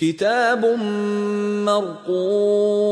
كتاب مرقوم